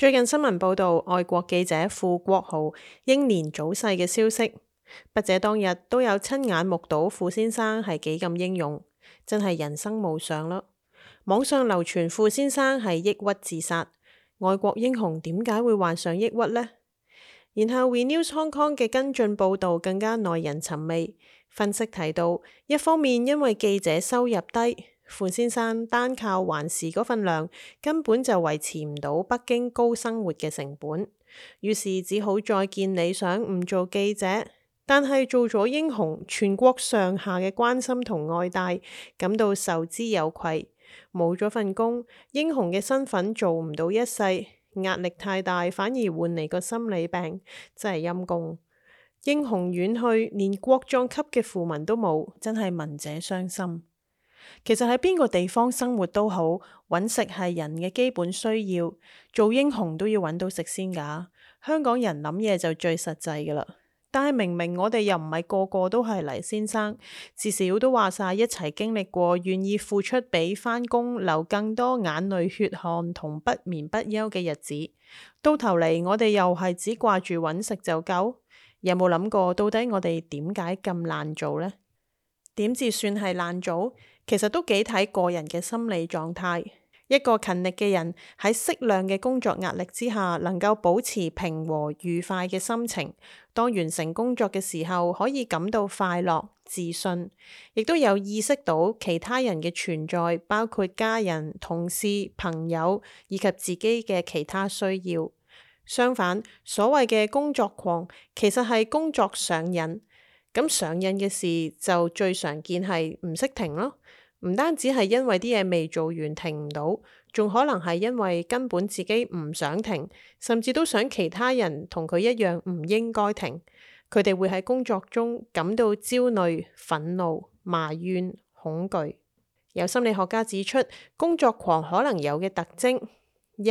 最近新聞報道愛國記者付國豪英年早逝嘅消息，筆者當日都有親眼目睹付先生係幾咁英勇，真係人生無常咯。網上流傳付先生係抑鬱自殺，愛國英雄點解會患上抑鬱呢？然後 ReNews Hong Kong 嘅跟進報道更加耐人尋味，分析提到一方面因為記者收入低。付先生單靠環時嗰份糧，根本就維持唔到北京高生活嘅成本，於是只好再見理想，唔做記者，但係做咗英雄，全國上下嘅關心同愛戴，感到受之有愧。冇咗份工，英雄嘅身份做唔到一世，壓力太大，反而換嚟個心理病，真係陰功。英雄遠去，連國葬級嘅訃聞都冇，真係聞者傷心。其實喺邊個地方生活都好，揾食係人嘅基本需要。做英雄都要揾到食先噶。香港人諗嘢就最實際噶啦。但係明明我哋又唔係個個都係黎先生，至少都話晒一齊經歷過，願意付出比返工流更多眼淚、血汗同不眠不休嘅日子。到頭嚟，我哋又係只掛住揾食就夠？有冇諗過到底我哋點解咁爛做呢？點至算係爛做，其實都幾睇個人嘅心理狀態。一個勤力嘅人喺適量嘅工作壓力之下，能夠保持平和愉快嘅心情。當完成工作嘅時候，可以感到快樂、自信，亦都有意識到其他人嘅存在，包括家人、同事、朋友以及自己嘅其他需要。相反，所謂嘅工作狂，其實係工作上癮。咁上癮嘅事就最常見係唔識停咯，唔單止係因為啲嘢未做完停唔到，仲可能係因為根本自己唔想停，甚至都想其他人同佢一樣唔應該停。佢哋會喺工作中感到焦慮、憤怒、埋怨、恐懼。有心理學家指出，工作狂可能有嘅特徵。一，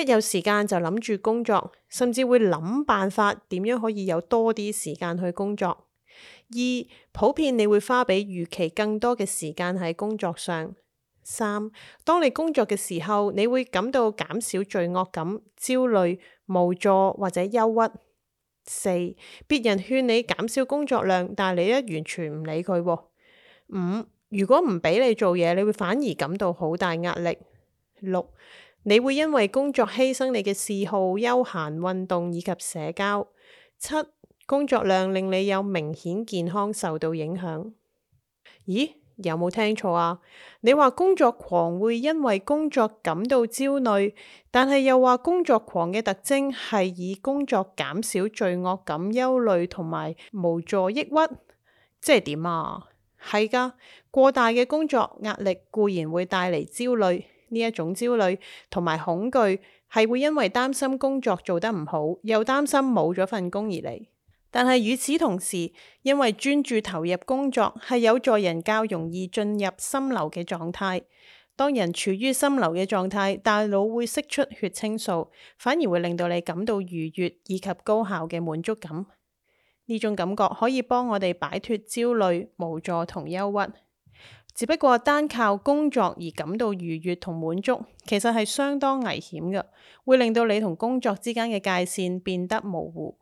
一有時間就諗住工作，甚至會諗辦法點樣可以有多啲時間去工作。二、普遍你會花比預期更多嘅時間喺工作上。三、當你工作嘅時候，你會感到減少罪惡感、焦慮、無助或者憂鬱。四、別人勸你減少工作量，但你一完全唔理佢。五、如果唔俾你做嘢，你會反而感到好大壓力。六、你會因為工作犧牲你嘅嗜好、休閒、運動以及社交。七。工作量令你有明顯健康受到影響。咦，有冇聽錯啊？你話工作狂會因為工作感到焦慮，但係又話工作狂嘅特徵係以工作減少罪惡感、憂慮同埋無助抑鬱，即係點啊？係噶，過大嘅工作壓力固然會帶嚟焦慮，呢一種焦慮同埋恐懼，係會因為擔心工作做得唔好，又擔心冇咗份工而嚟。但係與此同時，因為專注投入工作係有助人較容易進入心流嘅狀態。當人處於心流嘅狀態，大腦會釋出血清素，反而會令到你感到愉悅以及高效嘅滿足感。呢種感覺可以幫我哋擺脫焦慮、無助同憂鬱。只不過單靠工作而感到愉悅同滿足，其實係相當危險嘅，會令到你同工作之間嘅界線變得模糊。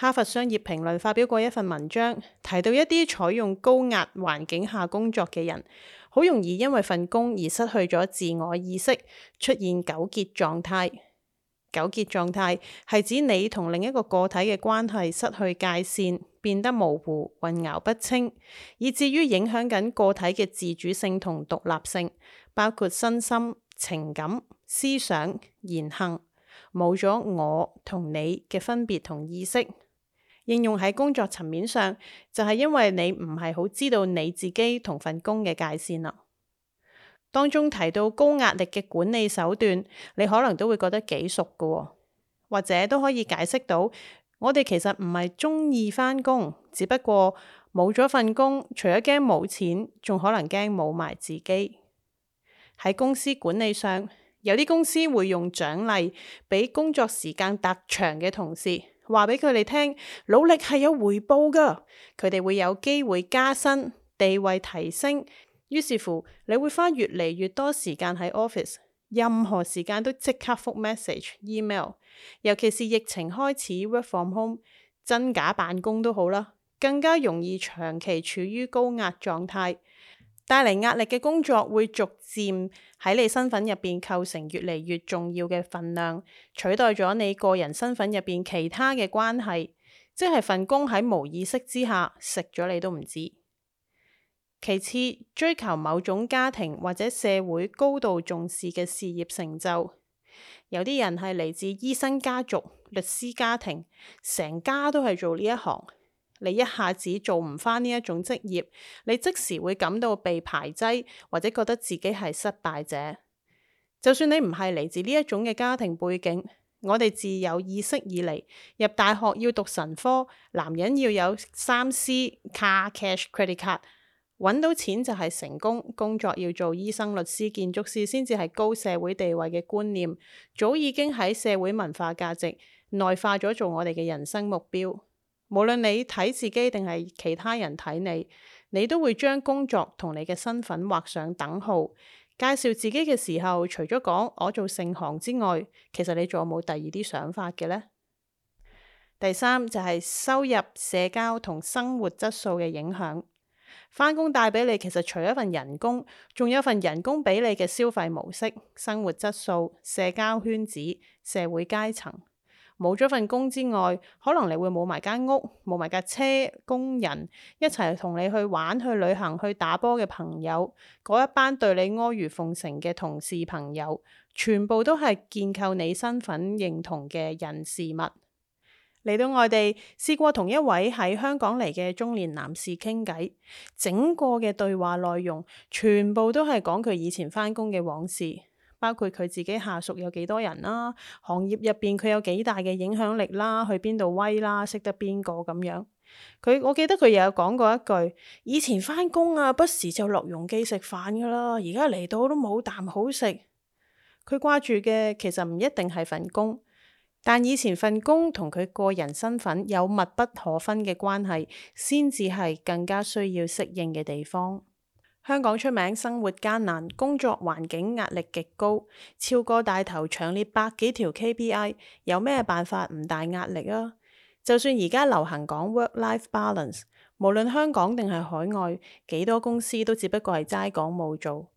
哈佛商業評論發表過一份文章，提到一啲採用高壓環境下工作嘅人，好容易因為份工而失去咗自我意識，出現糾結狀態。糾結狀態係指你同另一個個體嘅關係失去界線，變得模糊、混淆不清，以至於影響緊個體嘅自主性同獨立性，包括身心、情感、思想、言行，冇咗我同你嘅分別同意識。應用喺工作層面上，就係因為你唔係好知道你自己同份工嘅界線咯。當中提到高壓力嘅管理手段，你可能都會覺得幾熟噶喎，或者都可以解釋到，我哋其實唔係中意翻工，只不過冇咗份工，除咗驚冇錢，仲可能驚冇埋自己。喺公司管理上，有啲公司會用獎勵俾工作時間特長嘅同事。話俾佢哋聽，努力係有回報㗎，佢哋會有機會加薪、地位提升。於是乎，你會花越嚟越多時間喺 office，任何時間都即刻覆 message、email。尤其是疫情開始 work from home，真假辦公都好啦，更加容易長期處於高壓狀態。帶嚟壓力嘅工作會逐漸喺你身份入邊構成越嚟越重要嘅份量，取代咗你個人身份入邊其他嘅關係，即係份工喺無意識之下食咗你都唔知。其次，追求某種家庭或者社會高度重視嘅事業成就，有啲人係嚟自醫生家族、律師家庭，成家都係做呢一行。你一下子做唔翻呢一種職業，你即時會感到被排擠，或者覺得自己係失敗者。就算你唔係嚟自呢一種嘅家庭背景，我哋自有意識以嚟入大學要讀神科，男人要有三 C car cash credit card，揾到錢就係成功。工作要做醫生、律師、建築師先至係高社會地位嘅觀念，早已經喺社會文化價值內化咗，做我哋嘅人生目標。無論你睇自己定係其他人睇你，你都會將工作同你嘅身份畫上等號。介紹自己嘅時候，除咗講我做盛行之外，其實你仲有冇第二啲想法嘅呢？第三就係收入、社交同生活質素嘅影響。翻工帶俾你，其實除咗份人工，仲有份人工俾你嘅消費模式、生活質素、社交圈子、社會階層。冇咗份工之外，可能你會冇埋間屋、冇埋架車、工人一齊同你去玩、去旅行、去打波嘅朋友，嗰一班對你阿諛奉承嘅同事朋友，全部都係建構你身份認同嘅人事物。嚟到外地試過同一位喺香港嚟嘅中年男士傾偈，整個嘅對話內容全部都係講佢以前翻工嘅往事。包括佢自己下屬有幾多人啦、啊，行業入邊佢有幾大嘅影響力啦、啊，去邊度威啦、啊，識得邊個咁樣。佢我記得佢又有講過一句：以前返工啊，不時就落容記食飯噶啦，而家嚟到都冇啖好食。佢掛住嘅其實唔一定係份工，但以前份工同佢個人身份有密不可分嘅關係，先至係更加需要適應嘅地方。香港出名生活艱難，工作環境壓力極高，超過大頭長列百幾條 KPI，有咩辦法唔大壓力啊？就算而家流行講 work life balance，無論香港定係海外，幾多公司都只不過係齋講冇做。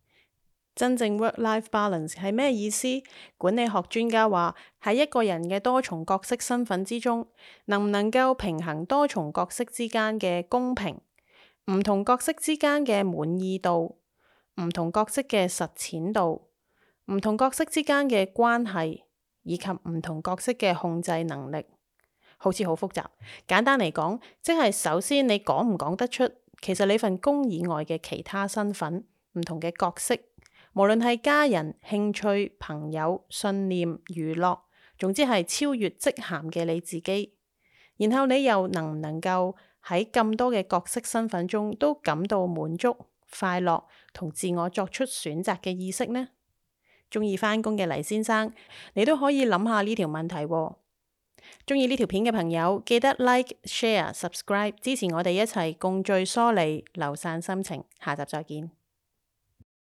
真正 work life balance 係咩意思？管理學專家話喺一個人嘅多重角色身份之中，能唔能夠平衡多重角色之間嘅公平？唔同角色之間嘅滿意度，唔同角色嘅實踐度，唔同角色之間嘅關係，以及唔同角色嘅控制能力，好似好複雜。簡單嚟講，即係首先你講唔講得出，其實你份工以外嘅其他身份、唔同嘅角色，無論係家人、興趣、朋友、信念、娛樂，總之係超越職銜嘅你自己。然後你又能唔能夠？喺咁多嘅角色身份中，都感到滿足、快樂同自我作出選擇嘅意識呢？中意返工嘅黎先生，你都可以諗下呢條問題喎。中意呢條片嘅朋友，記得 like、share、subscribe 支持我哋一齊共聚梳理、流散心情。下集再見。